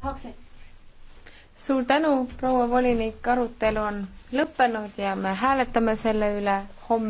tahaksin. suur tänu, proua volinik, arutelu on lõppenud ja me hääletame selle üle homme.